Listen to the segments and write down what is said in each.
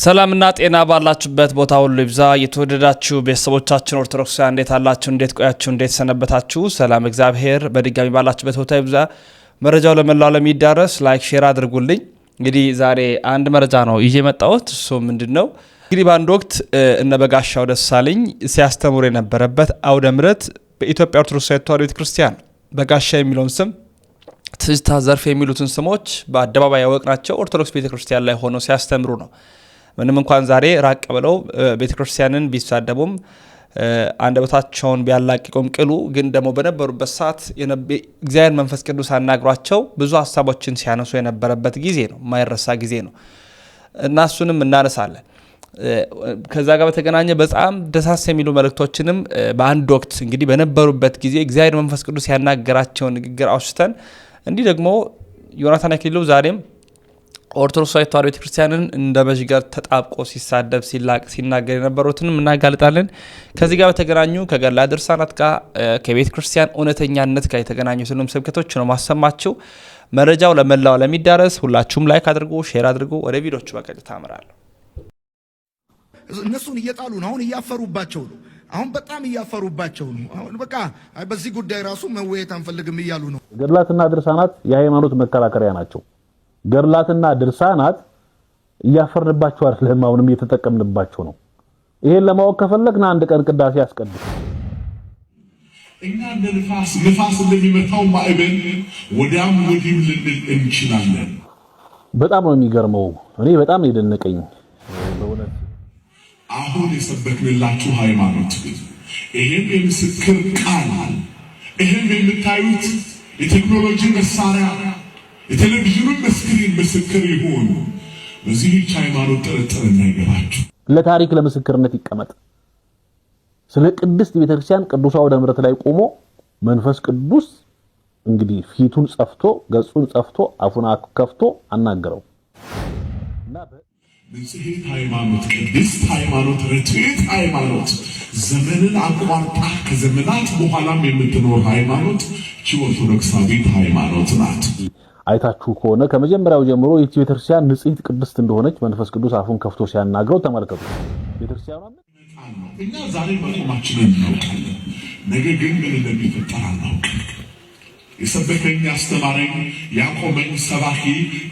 ሰላምና ጤና ባላችሁበት ቦታ ሁሉ ይብዛ። የተወደዳችሁ ቤተሰቦቻችን ኦርቶዶክሳውያን እንዴት አላችሁ? እንዴት ቆያችሁ? እንዴት ሰነበታችሁ? ሰላም እግዚአብሔር በድጋሚ ባላችሁበት ቦታ ይብዛ። መረጃው ለመላው ለሚዳረስ ላይክ ሼር አድርጉልኝ። እንግዲህ ዛሬ አንድ መረጃ ነው ይዤ የመጣሁት። እሱ ምንድን ነው? እንግዲህ በአንድ ወቅት እነ በጋሻው ደሳለኝ ሲያስተምሩ የነበረበት አውደ ምረት በኢትዮጵያ ኦርቶዶክስ ተዋሕዶ ቤተክርስቲያን በጋሻ የሚለውን ስም ትዝታ ዘርፍ የሚሉትን ስሞች በአደባባይ ያወቅናቸው ኦርቶዶክስ ቤተክርስቲያን ላይ ሆነው ሲያስተምሩ ነው ምንም እንኳን ዛሬ ራቅ ብለው ቤተክርስቲያንን ቢሳደቡም አንደበታቸውን ቢያላቅቁም ቅሉ ግን ደግሞ በነበሩበት ሰዓት እግዚአብሔር መንፈስ ቅዱስ አናግሯቸው ብዙ ሀሳቦችን ሲያነሱ የነበረበት ጊዜ ነው፣ የማይረሳ ጊዜ ነው እና እሱንም እናነሳለን። ከዛ ጋር በተገናኘ በጣም ደሳስ የሚሉ መልእክቶችንም በአንድ ወቅት እንግዲህ በነበሩበት ጊዜ እግዚአብሔር መንፈስ ቅዱስ ያናገራቸውን ንግግር አውስተን እንዲህ ደግሞ ዮናታን አክሊሉ ዛሬም ኦርቶዶክስ ተዋህዶ ቤተክርስቲያንን እንደ በዥ ጋር ተጣብቆ ሲሳደብ ሲላቅ ሲናገር የነበሩትንም እናጋልጣለን። ከዚህ ጋር በተገናኙ ከገድላ ድርሳናት ጋር ከቤተ ክርስቲያን እውነተኛነት ጋር የተገናኙ ስሉም ስብከቶች ነው ማሰማቸው። መረጃው ለመላው ለሚዳረስ ሁላችሁም ላይክ አድርጎ ሼር አድርጎ ወደ ቪዲዮቹ በቀጥታ አምራለሁ። እነሱን እየጣሉ ነው። አሁን እያፈሩባቸው ነው። አሁን በጣም እያፈሩባቸው ነው። አሁን በቃ በዚህ ጉዳይ ራሱ መወየት አንፈልግም እያሉ ነው። ገድላትና ድርሳናት የሃይማኖት መከራከሪያ ናቸው። ገድላትና ድርሳናት እያፈርንባቸው አይደለም፣ አሁንም እየተጠቀምንባቸው ነው። ይሄን ለማወቅ ከፈለግን አንድ ቀን ቅዳሴ ያስቀድስ። እኛ እንደ ንፋስ ንፋስ እንደሚመታው ማዕበል ወዲያም ወዲህም ልንል እንችላለን። በጣም ነው የሚገርመው። እኔ በጣም የደነቀኝ በእውነት አሁን የሰበክንላችሁ ሃይማኖት ይህም የምስክር ቃል ይህም የምታዩት የቴክኖሎጂ መሳሪያ የቴሌቪዥኑን በስክሪን ምስክር ይሆኑ። በዚህች ሃይማኖት ጥርጥር እናይገባቸው። ለታሪክ ለምስክርነት ይቀመጥ። ስለ ቅድስት ቤተክርስቲያን ቅዱስ አውደ ምሕረት ላይ ቆሞ መንፈስ ቅዱስ እንግዲህ ፊቱን ጸፍቶ ገጹን ጸፍቶ አፉን ከፍቶ አናገረው። ንጽሕት ሃይማኖት፣ ቅድስት ሃይማኖት፣ ርትዕት ሃይማኖት፣ ዘመንን አቋርጣ ከዘመናት በኋላም የምትኖር ሃይማኖት ቺ ኦርቶዶክሳዊት ሃይማኖት ናት። አይታችሁ ከሆነ ከመጀመሪያው ጀምሮ ይህች ቤተክርስቲያን ንጽሕት ቅድስት እንደሆነች መንፈስ ቅዱስ አፉን ከፍቶ ሲያናግረው ተመልከቱ። ቤተክርስቲያኗ እኛ ዛሬ መቆማችንን እናውቃለን። ነገ ግን ምን እንደሚፈጠር አናውቅም። የሰበከኝ አስተማረኝ ያቆመኝ ሰባኪ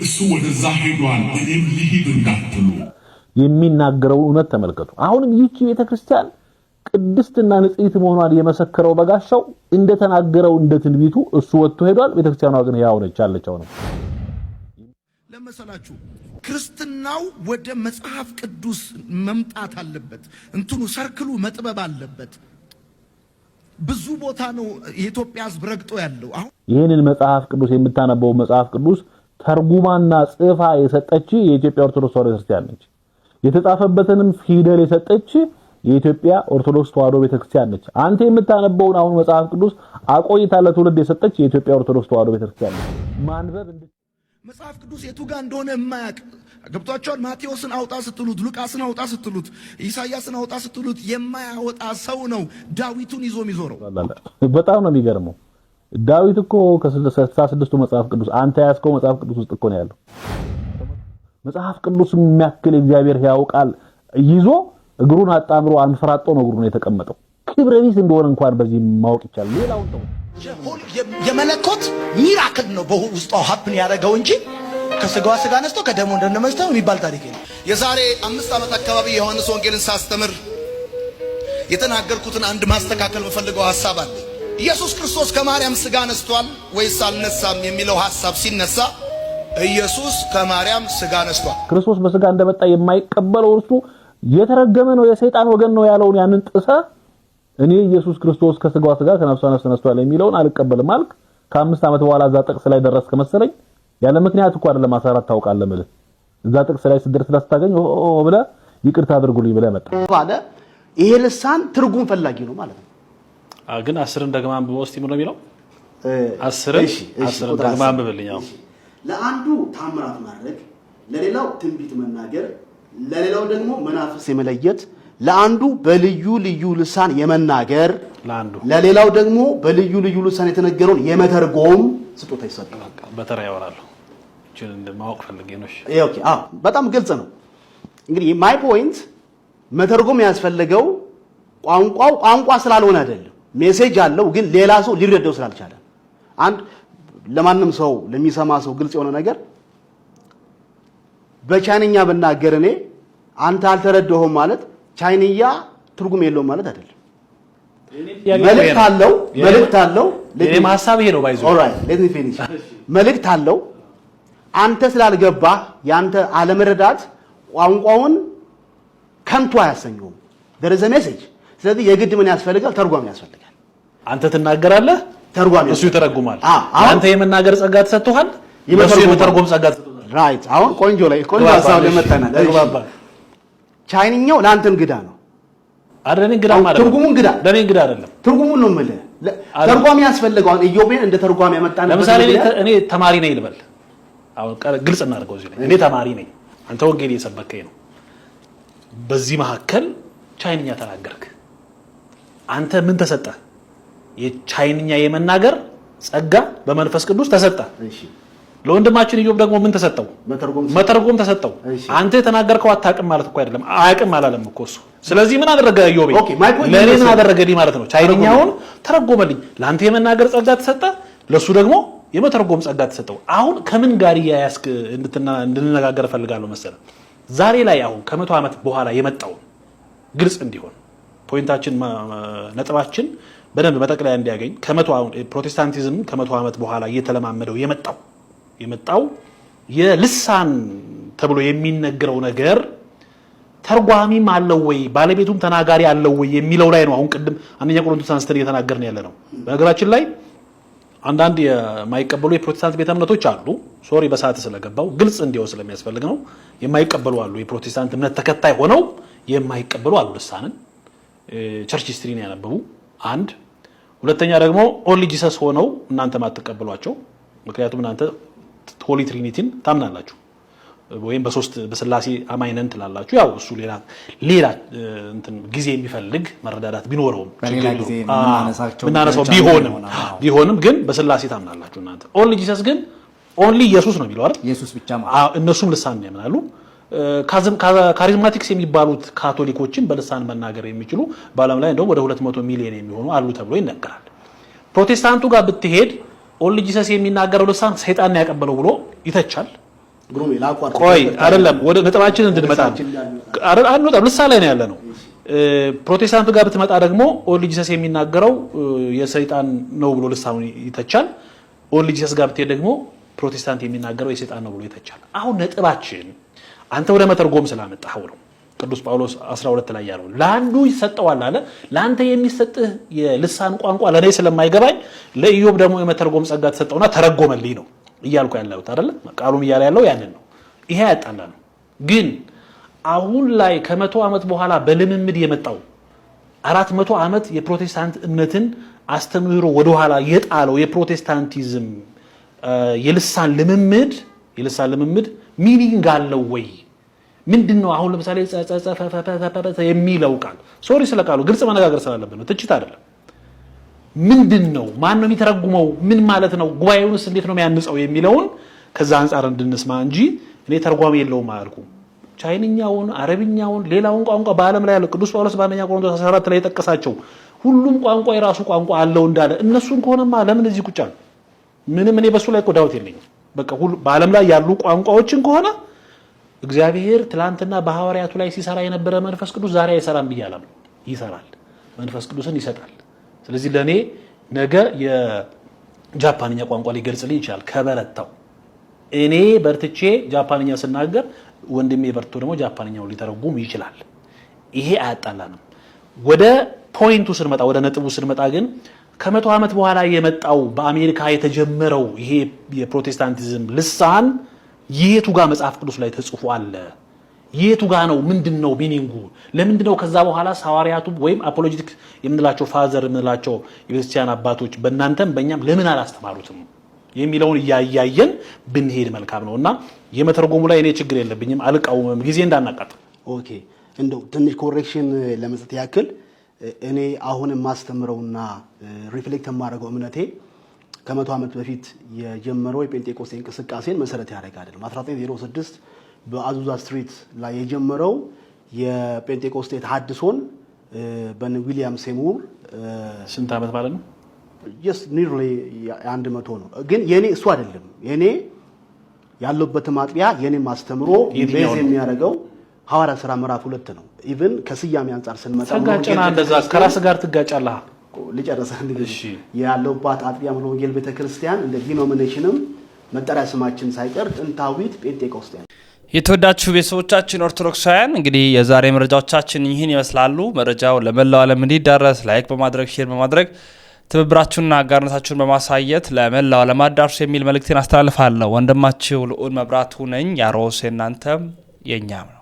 እሱ ወደዛ ሄዷል እኔም ልሂድ እንዳትሉ የሚናገረው እውነት ተመልከቱ። አሁንም ይህቺ ቤተክርስቲያን ቅድስትና ንጽሕት መሆኗን የመሰከረው በጋሻው እንደተናገረው እንደ ትንቢቱ እሱ ወጥቶ ሄዷል። ቤተክርስቲያኗ ግን ያው ነች ያለችው ነው ለመሰላችሁ። ክርስትናው ወደ መጽሐፍ ቅዱስ መምጣት አለበት። እንትኑ ሰርክሉ መጥበብ አለበት። ብዙ ቦታ ነው የኢትዮጵያ ሕዝብ ረግጦ ያለው። አሁን ይህንን መጽሐፍ ቅዱስ የምታነበው መጽሐፍ ቅዱስ ተርጉማና ጽፋ የሰጠች የኢትዮጵያ ኦርቶዶክስ ተዋሕዶ ክርስቲያን ነች። የተጻፈበትንም ፊደል የሰጠች የኢትዮጵያ ኦርቶዶክስ ተዋህዶ ቤተክርስቲያን ነች። አንተ የምታነበውን አሁን መጽሐፍ ቅዱስ አቆይታ ለትውልድ የሰጠች የኢትዮጵያ ኦርቶዶክስ ተዋህዶ ቤተክርስቲያን ነች። ማንበብ መጽሐፍ ቅዱስ የቱ ጋር እንደሆነ የማያቅ ገብቷቸዋል። ማቴዎስን አውጣ ስትሉት፣ ሉቃስን አውጣ ስትሉት፣ ኢሳያስን አውጣ ስትሉት የማያወጣ ሰው ነው ዳዊቱን ይዞ የሚዞረው። በጣም ነው የሚገርመው። ዳዊት እኮ ከስልሳ ስድስቱ መጽሐፍ ቅዱስ አንተ ያዝከው መጽሐፍ ቅዱስ ውስጥ እኮ ነው ያለው። መጽሐፍ ቅዱስ የሚያክል እግዚአብሔር ያውቃል ይዞ እግሩን አጣምሮ አንፈራጦ ነው እግሩን የተቀመጠው። ክብረ ቢስ እንደሆነ እንኳን በዚህ ማወቅ ይቻላል። ሌላውን ተው። የመለኮት ሚራክል ነው በውስጧ ሀፕን ያደረገው እንጂ ከስጋዋ ስጋ ነስቶ ከደሞ እንደነመስተ የሚባል ታሪክ ነው። የዛሬ አምስት ዓመት አካባቢ የዮሐንስ ወንጌልን ሳስተምር የተናገርኩትን አንድ ማስተካከል በፈልገው ሐሳብ አለ። ኢየሱስ ክርስቶስ ከማርያም ስጋ ነስቷል ወይስ አልነሳም የሚለው ሐሳብ ሲነሳ ኢየሱስ ከማርያም ስጋ ነስቷል። ክርስቶስ በስጋ እንደመጣ የማይቀበለው እርሱ የተረገመ ነው የሰይጣን ወገን ነው ያለውን ያንን ጥሰ እኔ ኢየሱስ ክርስቶስ ከስጋዋ ስጋ ከነፍሷ ነፍስ ተነስቷል የሚለውን አልቀበልም አልክ። ከአምስት ዓመት በኋላ እዛ ጥቅስ ላይ ደረስክ መሰለኝ። ያለ ምክንያት እኮ አይደለም አሳራት ታውቃለህ ማለት እዛ ጥቅስ ላይ ስደርስ ስታገኝ ኦ ብለ ይቅርታ አድርጉልኝ ብለ መጣ ባለ ይሄ ልሳን ትርጉም ፈላጊ ነው ማለት ነው። ግን አስርን ደግማ አንብበው እስቲ ምን ነው የሚለው? አስርን አስርን ደግማ አንብብልኝ። ለአንዱ ታምራት ማድረግ፣ ለሌላው ትንቢት መናገር ለሌላው ደግሞ መናፍስ የመለየት ለአንዱ በልዩ ልዩ ልሳን የመናገር ለሌላው ደግሞ በልዩ ልዩ ልሳን የተነገረውን የመተርጎም ስጦታ ይሰጣል። በተራ ያወራሉ። ነው። አዎ፣ በጣም ግልጽ ነው። እንግዲህ ማይ ፖይንት መተርጎም ያስፈልገው ቋንቋው ቋንቋ ስላልሆነ አይደለም። ሜሴጅ አለው፣ ግን ሌላ ሰው ሊረዳው ስላልቻለ አንድ ለማንም ሰው ለሚሰማ ሰው ግልጽ የሆነ ነገር በቻይንኛ ብናገር እኔ አንተ አልተረዳኸውም ማለት ቻይንኛ ትርጉም የለውም ማለት አይደለም። መልእክት አለው መልእክት አለው። ለኔ ማሳብ ይሄ ነው። ባይዞ ኦልራይት ሌት ሚ ፊኒሽ። መልእክት አለው። አንተ ስላልገባ የአንተ አለመረዳት ቋንቋውን ከንቱ አያሰኘውም። there is a message። ስለዚህ የግድ ምን ያስፈልጋል? ተርጓሚ ያስፈልጋል። አንተ ትናገራለህ፣ ተርጓሚ እሱ ይተረጉማል። አንተ የመናገር ጸጋ ተሰጥቶሃል፣ የመተርጎም ጸጋ ራይት አሁን ቆንጆ ላይ ቆንጆ ሀሳብ ለመጠና ተግባባ። ቻይንኛው ለአንተ እንግዳ ነው አይደል? እንግዳ ማለት ትርጉሙ እንግዳ ለኔ እንግዳ አይደለም። ትርጉሙ ነው የምልህ። ተርጓሚ ያስፈልገው ኢዮቤን እንደ ተርጓሚ ያመጣን። ለምሳሌ እኔ ተማሪ ነኝ ልበል። አሁን ግልጽ እናድርገው። እዚህ እኔ ተማሪ ነኝ፣ አንተ ወንጌል እየሰበከኝ ነው። በዚህ መካከል ቻይንኛ ተናገርክ። አንተ ምን ተሰጠ? የቻይንኛ የመናገር ጸጋ በመንፈስ ቅዱስ ተሰጠ። ለወንድማችን ኢዮብ ደግሞ ምን ተሰጠው? መተርጎም ተሰጠው። አንተ የተናገርከው አታውቅም ማለት እኮ አይደለም፣ አያውቅም አላለም እኮ እሱ። ስለዚህ ምን አደረገ ኢዮብ? ለእኔ ምን አደረገልኝ ማለት ነው። ቻይንኛውን ተረጎመልኝ። ለአንተ የመናገር ጸጋ ተሰጠ፣ ለእሱ ደግሞ የመተርጎም ጸጋ ተሰጠው። አሁን ከምን ጋር እያያስክ እንድንነጋገር እፈልጋለሁ መሰለህ፣ ዛሬ ላይ አሁን ከመቶ ዓመት በኋላ የመጣውን ግልጽ እንዲሆን ፖይንታችን ነጥባችን በደንብ መጠቅለያ እንዲያገኝ ከመቶ አሁን ፕሮቴስታንቲዝም ከመቶ ዓመት በኋላ እየተለማመደው የመጣው የመጣው የልሳን ተብሎ የሚነገረው ነገር ተርጓሚም አለው ወይ ባለቤቱም ተናጋሪ አለው ወይ የሚለው ላይ ነው። አሁን ቅድም አንደኛ ቆሮንቶስ አንስተን እየተናገርን ያለ ነው። በነገራችን ላይ አንዳንድ የማይቀበሉ የፕሮቴስታንት ቤተ እምነቶች አሉ። ሶሪ በሰዓት ስለገባው ግልጽ እንዲሆን ስለሚያስፈልግ ነው። የማይቀበሉ አሉ። የፕሮቴስታንት እምነት ተከታይ ሆነው የማይቀበሉ አሉ። ልሳንን ቸርች ስትሪን ያነበቡ አንድ፣ ሁለተኛ ደግሞ ኦንሊ ጂሰስ ሆነው እናንተ ማትቀበሏቸው ምክንያቱም እናንተ ሆሊ ትሪኒቲን ታምናላችሁ ወይም በሶስት በስላሴ አማይነን ትላላችሁ። ያው እሱ ሌላ ሌላ እንትን ጊዜ የሚፈልግ መረዳዳት ቢኖረውም ምናነሳው ቢሆንም ቢሆንም ግን በስላሴ ታምናላችሁ እናንተ። ኦንሊ ጂሰስ ግን ኦንሊ ኢየሱስ ነው የሚለው አይደል? ኢየሱስ ብቻ ማለት እነሱም ልሳን ያምናሉ። ካሪዝማቲክስ የሚባሉት ካቶሊኮችን በልሳን መናገር የሚችሉ በአለም ላይ እንደውም ወደ 200 ሚሊዮን የሚሆኑ አሉ ተብሎ ይነገራል። ፕሮቴስታንቱ ጋር ብትሄድ ኦል ጂሰስ የሚናገረው ልሳን ሰይጣን ያቀበለው ብሎ ይተቻል። ቆይ አይደለም፣ ወደ ነጥባችን እንድንመጣ አንወጣም። ልሳን ላይ ነው ያለ ነው። ፕሮቴስታንቱ ጋር ብትመጣ ደግሞ ኦል ጂሰስ የሚናገረው የሰይጣን ነው ብሎ ልሳኑ ይተቻል። ኦል ጂሰስ ጋር ብትሄድ ደግሞ ፕሮቴስታንት የሚናገረው የሰይጣን ነው ብሎ ይተቻል። አሁን ነጥባችን አንተ ወደ መተርጎም ስላመጣኸው ነው። ቅዱስ ጳውሎስ 12 ላይ ያለው ለአንዱ ይሰጠዋል አለ። ለአንተ የሚሰጥህ የልሳን ቋንቋ ለእኔ ስለማይገባኝ ለኢዮብ ደግሞ የመተርጎም ጸጋ ተሰጠውና ተረጎመልኝ ነው እያልኩ ያለሁት አደለ ቃሉም እያለ ያለው ያንን ነው። ይሄ ያጣላ ነው። ግን አሁን ላይ ከመቶ ዓመት በኋላ በልምምድ የመጣው አራት መቶ ዓመት የፕሮቴስታንት እምነትን አስተምህሮ ወደኋላ የጣለው የፕሮቴስታንቲዝም የልሳን ልምምድ የልሳን ልምምድ ሚኒንግ አለው ወይ ምንድን ነው አሁን ለምሳሌ የሚለው ቃል ሶሪ ስለ ቃሉ ግልጽ መነጋገር ስላለብን ነው። ትችት አይደለም። ምንድን ነው ማን ነው የሚተረጉመው? ምን ማለት ነው? ጉባኤውንስ እንዴት ነው የሚያንጸው? የሚለውን ከዛ አንጻር እንድንስማ እንጂ እኔ ተርጓሚ የለውም አያልኩም። ቻይንኛውን፣ አረብኛውን፣ ሌላውን ቋንቋ በአለም ላይ ያለው ቅዱስ ጳውሎስ በአንደኛ ቆሮንቶስ 14 ላይ የጠቀሳቸው ሁሉም ቋንቋ የራሱ ቋንቋ አለው እንዳለ እነሱን ከሆነማ ለምን እዚህ ቁጫ? ምንም እኔ በሱ ላይ ዳውት የለኝም። በቃ ሁሉ ላይ ያሉ ቋንቋዎችን ከሆነ እግዚአብሔር ትላንትና በሐዋርያቱ ላይ ሲሰራ የነበረ መንፈስ ቅዱስ ዛሬ አይሰራም ብዬ ይሰራል፣ መንፈስ ቅዱስን ይሰጣል። ስለዚህ ለእኔ ነገ የጃፓንኛ ቋንቋ ሊገልጽልኝ ይችላል ከበረታው እኔ በርትቼ ጃፓንኛ ስናገር ወንድሜ በርቶ ደግሞ ጃፓንኛውን ሊተረጉም ይችላል። ይሄ አያጣላንም። ወደ ፖይንቱ ስንመጣ፣ ወደ ነጥቡ ስንመጣ ግን ከመቶ ዓመት በኋላ የመጣው በአሜሪካ የተጀመረው ይሄ የፕሮቴስታንቲዝም ልሳን የየቱ ጋር መጽሐፍ ቅዱስ ላይ ተጽፎ አለ? የቱ ጋ ነው? ምንድን ነው ሚኒንጉ? ለምንድን ነው ከዛ በኋላ ሐዋርያቱ ወይም አፖሎጂቲክ የምንላቸው ፋዘር የምንላቸው የቤተክርስቲያን አባቶች በእናንተም በእኛም ለምን አላስተማሩትም የሚለውን እያያየን ብንሄድ መልካም ነው እና የመተርጎሙ ላይ እኔ ችግር የለብኝም፣ አልቃወምም። ጊዜ እንዳናቃጥ ኦኬ። እንደው ትንሽ ኮሬክሽን ለመስጠት ያክል እኔ አሁን የማስተምረውና ሪፍሌክት የማደርገው እምነቴ ከመቶ ዓመት በፊት የጀመረው የጴንጤቆስቴ እንቅስቃሴን መሰረት ያደረገ አይደለም። 1906 በአዙዛ ስትሪት ላይ የጀመረው የጴንጤቆስቴ ተሐድሶን በን ዊሊያም ሴሙር ስንት ዓመት ማለት ነው? ጀስት ኒርሊ አንድ መቶ ነው። ግን የኔ እሱ አይደለም። የኔ ያለበትም አጥቢያ የኔም አስተምሮ ቤዝ የሚያደርገው ሐዋርያ ስራ ምዕራፍ ሁለት ነው። ኢቭን ከስያሜ አንጻር ስንመጣ ከራስ ጋር ትጋጫለህ። ልጨረሰ ያለውባት አጥቢያ ምን ወንጌል ቤተክርስቲያን እንደ ዲኖሚኔሽንም መጠሪያ ስማችን ሳይቀር ጥንታዊት ጴንጤቆስጤን። የተወዳችሁ ቤተሰቦቻችን ኦርቶዶክሳውያን እንግዲህ የዛሬ መረጃዎቻችን ይህን ይመስላሉ። መረጃው ለመላው ዓለም እንዲዳረስ ላይክ በማድረግ ሼር በማድረግ ትብብራችሁንና አጋርነታችሁን በማሳየት ለመላው ዓለም አዳርሱ የሚል መልእክቴን አስተላልፋለሁ። ወንድማችሁ ልዑል መብራቱ ነኝ። ያሮስ የእናንተም የእኛም ነው።